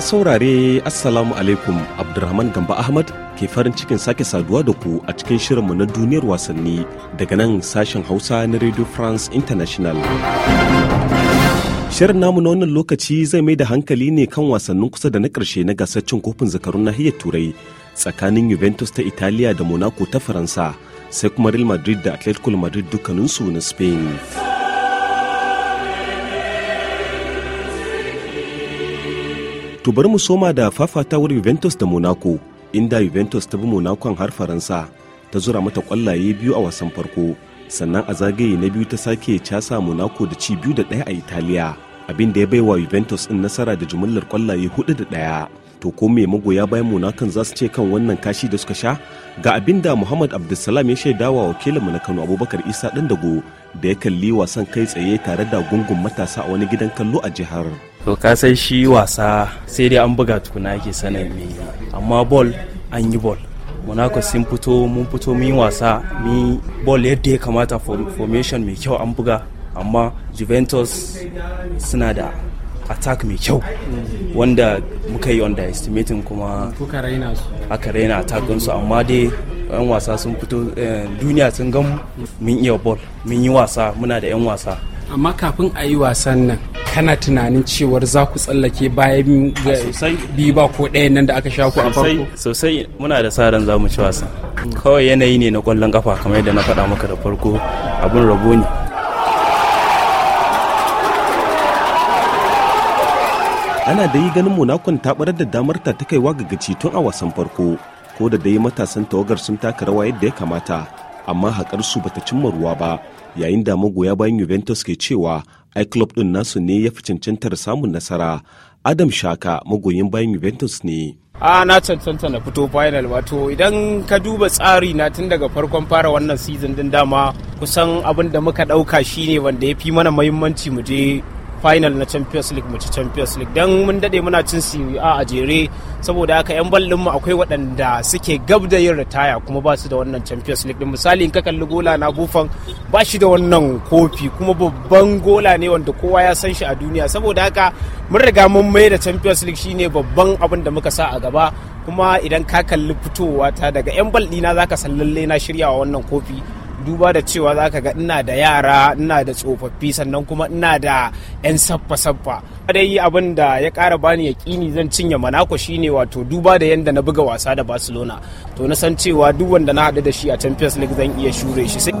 masu saurare assalamu alaikum abdulrahman gamba ahmad ke farin cikin sake saduwa da ku a cikin shirinmu na duniyar wasanni daga nan sashen hausa na radio france international shirin namu na wannan lokaci zai mai da hankali ne kan wasannin kusa da na karshe na gasar cin kofin zakarun nahiyar turai tsakanin juventus ta italiya da monaco ta faransa sai kuma real madrid da atletico madrid dukkaninsu na spain To bari mu soma da fafatawar Juventus da Monaco, inda Juventus ta bi Monaco har Faransa, ta zura mata kwallaye biyu a wasan farko, sannan a zagaye na biyu ta sake casa Monaco da ci biyu da ɗaya a Italiya, abin da ya baiwa Juventus in nasara da jumullar kwallaye hudu da ɗaya. To ko mai magoya bayan Monaco za su ce kan wannan kashi da suka sha? Ga abin da Muhammad Abdulsalam ya shaida wa shaidawa mu na Kano Abubakar Isa Dandago da ya kalli wasan kai tsaye tare da gungun matasa a wani gidan kallo a jihar. to ka san shi wasa sai dai an buga tukuna ake sanar me amma ball an yi ball monaco sun fito mun fito mun wasa mi ball yadda ya kamata formation mai kyau an buga amma juventus suna da attack mai kyau wanda muka yi underestimating kuma aka raina attack su amma dai yan wasa sun fito eh, duniya sun gan mun iya ball mun yi wasa muna da yan wasa amma kafin a yi wasan nan kana tunanin cewar za ku tsallake bayan biyu ba ko ɗaya nan da aka sha ku a farko sosai muna da sa ran za mu ci wasa kawai yanayi ne na ƙwallon kafa kamar yadda na faɗa maka da farko abin rabo ne ana da yi ganin monakon ta barar da damar ta ta kaiwa ga gaci tun a wasan farko ko da dai matasan tawagar sun taka rawa yadda ya kamata amma haƙar su bata cimma ruwa ba yayin da magoya bayan Juventus ke cewa i club din nasu ne ya fi cancantar samun nasara. Adam Shaka magoyin bayan Juventus ne. a na cancanta na fito final wato idan ka duba tsari na tun daga farkon fara wannan season din dama kusan abin da muka dauka shine wanda ya fi mana muhimmanci mu je final na champions league mu champions league don mun dade muna cin a a jere saboda haka yan bal mu akwai waɗanda suke gab da yin ritaya kuma ba su da wannan champions league ɗin misali in ka kalli gola na bufan ba shi da wannan kofi kuma babban gola ne wanda kowa ya san shi a duniya saboda haka mun riga mun mai da champions league shine babban abin da muka sa a gaba kuma idan ka kalli fitowa ta daga yan bal ɗina zaka san lalle na shiryawa wannan kofi duba da cewa za ka ga ina da yara ina da tsofaffi sannan kuma ina da 'yan saffa-saffa dai abin da ya kara bani yaƙini zan cinye manako shine wato duba da yadda na buga wasa da barcelona to na san cewa duk wanda na haɗu da shi a champions league zan iya shure shi sai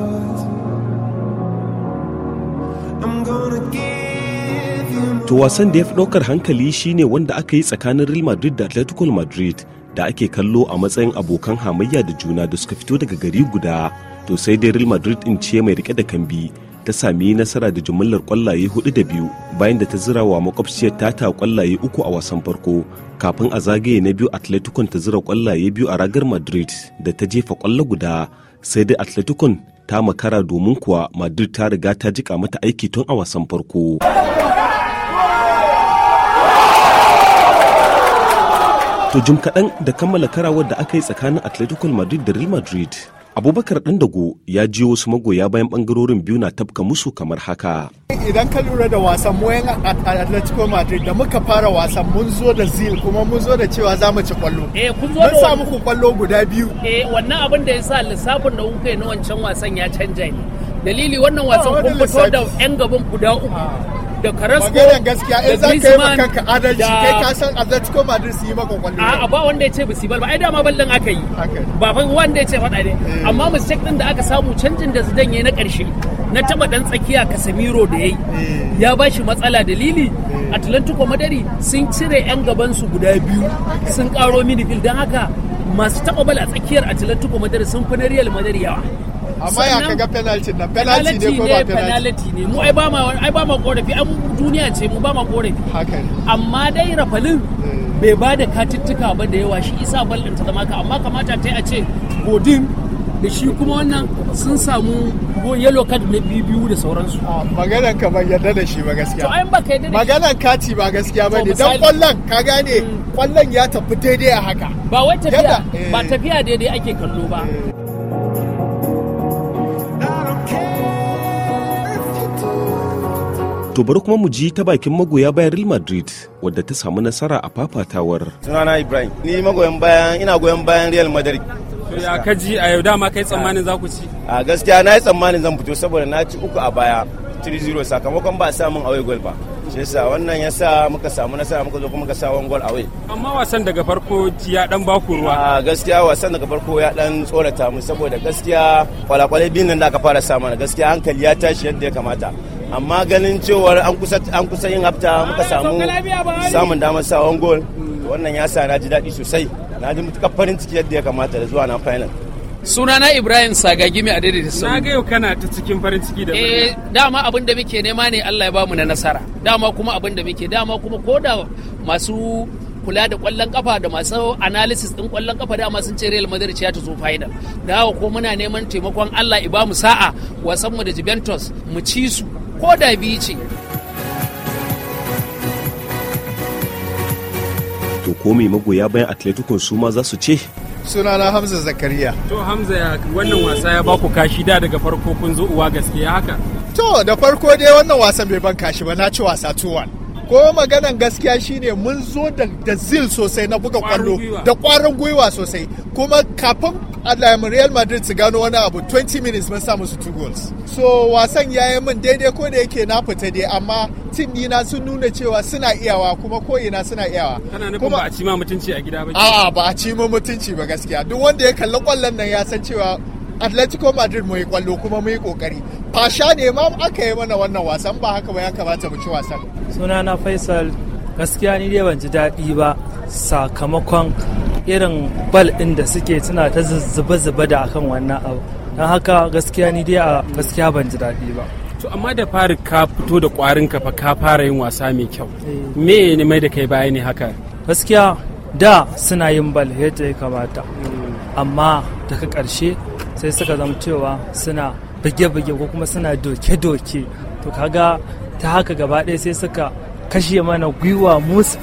to wasan da ya fi ɗaukar hankali shine wanda aka yi tsakanin real madrid da atletico madrid da ake kallo a matsayin abokan hamayya da juna da suka fito daga gari guda to sai dai real madrid in ce mai rike da kambi ta sami nasara da jumlar kwallaye hudu da biyu bayan da ta zira wa makwabciyar tata kwallaye uku a wasan farko kafin a zagaye na biyu atletikon ta zira kwallaye biyu a ragar madrid da ta jefa kwallo guda sai dai atletikon ta makara domin kuwa madrid ta riga ta jika mata aiki tun a wasan farko to jim kaɗan da kammala karawar da aka yi tsakanin atletico madrid da real madrid abubakar ɗandago ya ji wasu magoya bayan bangarorin biyu na tabka musu kamar haka idan ka lura da wasan moyan atletico madrid da muka fara wasan mun zo da zil kuma mun zo da cewa za mu ci kwallo eh, mun sa muku kwallo guda biyu eh wannan abin da ya sa lissafin da kuka yi na wancan wasan ya canja ne dalili wannan wasan ah, kun fito da yan gaban guda uku ah. da Carrasco da gaskiya in za ka yi kanka adalci kai ka san Atletico Madrid su yi maka kwallo a ba wanda ya ce ba su yi ba ai dama ballan aka yi ba fa wanda ya ce faɗa ne eh. amma check din da aka samu canjin da Zidane yayi na ƙarshe na taba dan tsakiya Casemiro da yayi eh. ya ba shi matsala dalili eh. Atletico Madari sun cire 'yan gabansu guda biyu sun karo midfield don haka masu bal a tsakiyar Atletico Madari sun fi na Real Madari yawa amma ya kaga penalty na penalty ne ko ba penalty ne mu ai ba ma ai ba ma korafi ai duniya ce mu ba ma korafi haka amma dai rafalin eh. bai ba da katittuka ba da yawa shi isa bal ta zama ka amma kamata ta a ce godin da shi kuma wannan sun samu yellow card na biyu da sauransu maganan ka ban yarda da shi ba gaskiya to ai ba ka yarda maganan kati ba gaskiya ba ne dan kwallon ka gane mm. kwallon ya tafi daidai a haka ba wai tafiya ba eh. tafiya daidai ake kallo ba eh. To bari kuma mu ji ta bakin magoya bayan Real Madrid wadda ta samu nasara a fafatawar. Sunana Ibrahim, ni magoyan bayan ina goyon bayan Real Madrid. Ya ka ji a yau dama kai tsammanin za ku ci? A gaskiya na yi tsammanin zan fito saboda na ci uku a baya 3-0 sakamakon ba a samun away goal ba. Shi yasa wannan ya sa muka samu nasara muka zo kuma muka sa wani goal away. Amma wasan daga farko ya dan baku ruwa. A gaskiya wasan daga farko ya dan tsorata mu saboda gaskiya kwalakwalai biyun nan da aka fara samu gaskiya hankali ya tashi yadda ya kamata. amma ganin cewar an kusa yin hafta muka samu samun damar sawan gol wannan ya sa na ji daɗi sosai na ji mutukar farin ciki yadda ya kamata da zuwa na final sunana ibrahim gimi a daidai da na ga yau kana ta cikin farin ciki da eh dama abin da muke nema ne Allah ya bamu na nasara dama kuma abin da muke dama kuma ko da masu kula da kwallon kafa da masu analysis din kwallon kafa da sun ce Real Madrid ya ta zo final dawo ko muna neman taimakon Allah ya bamu sa'a wasan mu da Juventus mu ci su ko da biyu ce to ko mai magoya bayan atletico su ma za su ce Suna na hamza zakariya to hamza ya wannan wasa ya baku kashi da daga farko kun zo uwa gaskiya haka to da farko dai wannan wasan bai ban kashi ba na ci wasa 2 ko maganan gaskiya shine mun zo da zil sosai na buga kwallo da kwarin gwiwa sosai kuma kafin Real Madrid su gano wani abu 20 minutes mun samu su two goals so wasan ya yi min daidai ko da yake na fita dai amma tim dina sun nuna cewa suna iyawa kuma ko ina suna iyawa kana nufin ba a ci ma mutunci a gida ba a'a ba a ci ma mutunci ba gaskiya duk wanda ya kalli kwallon nan ya san cewa atletico madrid mu yi kwallo kuma mu yi kokari fasha ne ma aka yi mana wannan wasan ba haka ba ya kamata mu ci wasan suna na faisal gaskiya ni dai ban ji daɗi ba sakamakon irin bal ɗin da suke suna ta zuba zuba da akan wannan abu don haka gaskiya ni dai a gaskiya ban ji daɗi ba to amma da fari ka fito da ƙwarin ka fa ka fara yin wasa mai kyau eh. me ne mai da kai baya ne haka gaskiya da suna yin bal yadda ya kamata amma daga ƙarshe sai suka zama cewa suna bige-bige ko kuma suna doke-doke to kaga ta haka gaba ɗaya sai suka kashe mana gwiwa mu su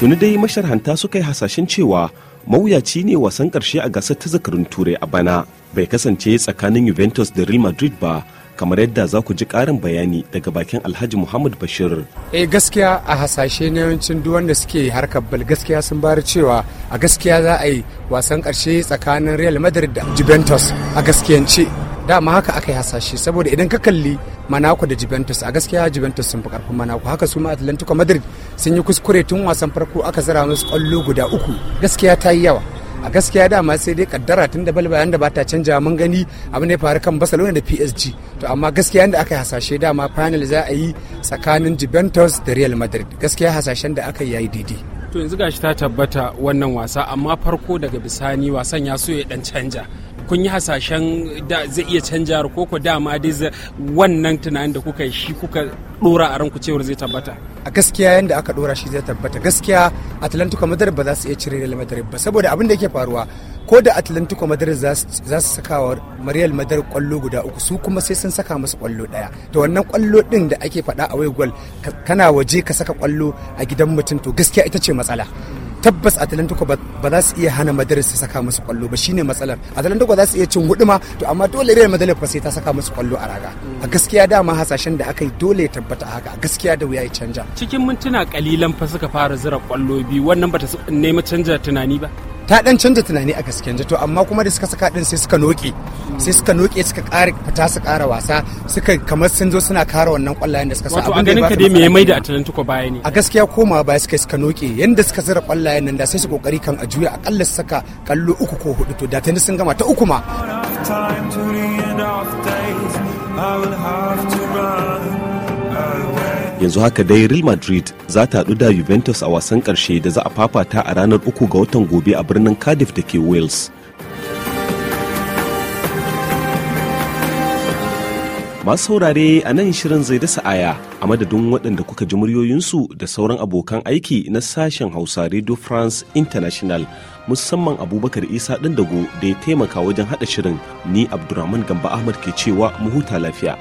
tuni dai masharhanta suka yi hasashen cewa mawuyaci ne wasan ƙarshe a gasar ta zakarun turai a bana bai kasance tsakanin juventus da real madrid ba kamar yadda za ku ji ƙarin bayani daga bakin alhaji muhammad bashir eh gaskiya a hasashe na yawancin duk wanda suke harkar bal gaskiya sun bari cewa a gaskiya za a yi wasan karshe tsakanin real madrid da juventus a gaskiyance dama haka aka yi hasashe saboda idan ka kalli manako da juventus a gaskiya juventus sun fi karfin manako haka su ma atlantico madrid sun yi kuskure tun wasan farko aka zara musu kwallo guda uku gaskiya ta yi yawa a gaskiya dama sai dai kaddara tun da balba da ba ta canja mun gani abin da ya faru kan barcelona da psg to amma gaskiya inda aka hasashe dama final za a yi tsakanin juventus da real madrid gaskiya hasashen da aka yi yayi daidai to yanzu gashi ta tabbata wannan wasa amma farko daga bisani wasan ya so ya dan canja kun yi hasashen da zai iya canja ko ko dama dai wannan tunanin da kuka shi kuka dora a ranku cewar zai tabbata a gaskiya yanda aka dora shi zai tabbata gaskiya atlantico madrid ba za su iya cire real madrid ba saboda abin da yake faruwa ko da atlantico madrid za su saka wa real madrid kwallo guda uku su kuma sai sun saka masa kwallo daya to wannan kwallo din da ake faɗa a wai gol kana waje ka saka kwallo a gidan mutum to gaskiya ita ce matsala tabbas atlantico ba za su iya hana madrid su saka musu kwallo ba shine matsalar atlantico za su iya cin hudu to amma dole real madrid ba sai ta saka musu kwallo a raga a gaskiya dama hasashen da aka yi dole ya tabbata haka a gaskiya da wuya ya canja cikin mintuna kalilan fa suka fara zira kwallo biyu wannan ba ta nemi canja tunani ba ta dan canza tunani a gaskiyar to amma kuma da suka saka din sai suka noke sai suka noke suka ƙara fita su ƙara wasa suka kamar sun zo suna kara wannan kwallayen da suka sa abin da ba ka dai ya mai da Atlantico baya ne a gaskiya koma baya suka suka noke yanda suka zira kwallayen nan da sai su kokari kan a juya akalla su saka kallo uku ko hudu to da tani sun gama ta uku ma I will have to run yanzu haka dai real madrid za ta haɗu da juventus a wasan ƙarshe da za a fafata a ranar uku ga watan gobe a birnin cardiff da ke wales masu saurare a nan shirin zai da aya a madadin waɗanda kuka ji muryoyinsu da sauran abokan aiki na sashen hausa radio france international musamman abubakar isa dago da ya taimaka wajen haɗa shirin ni abdulrahman gamba ahmad ke cewa mu huta lafiya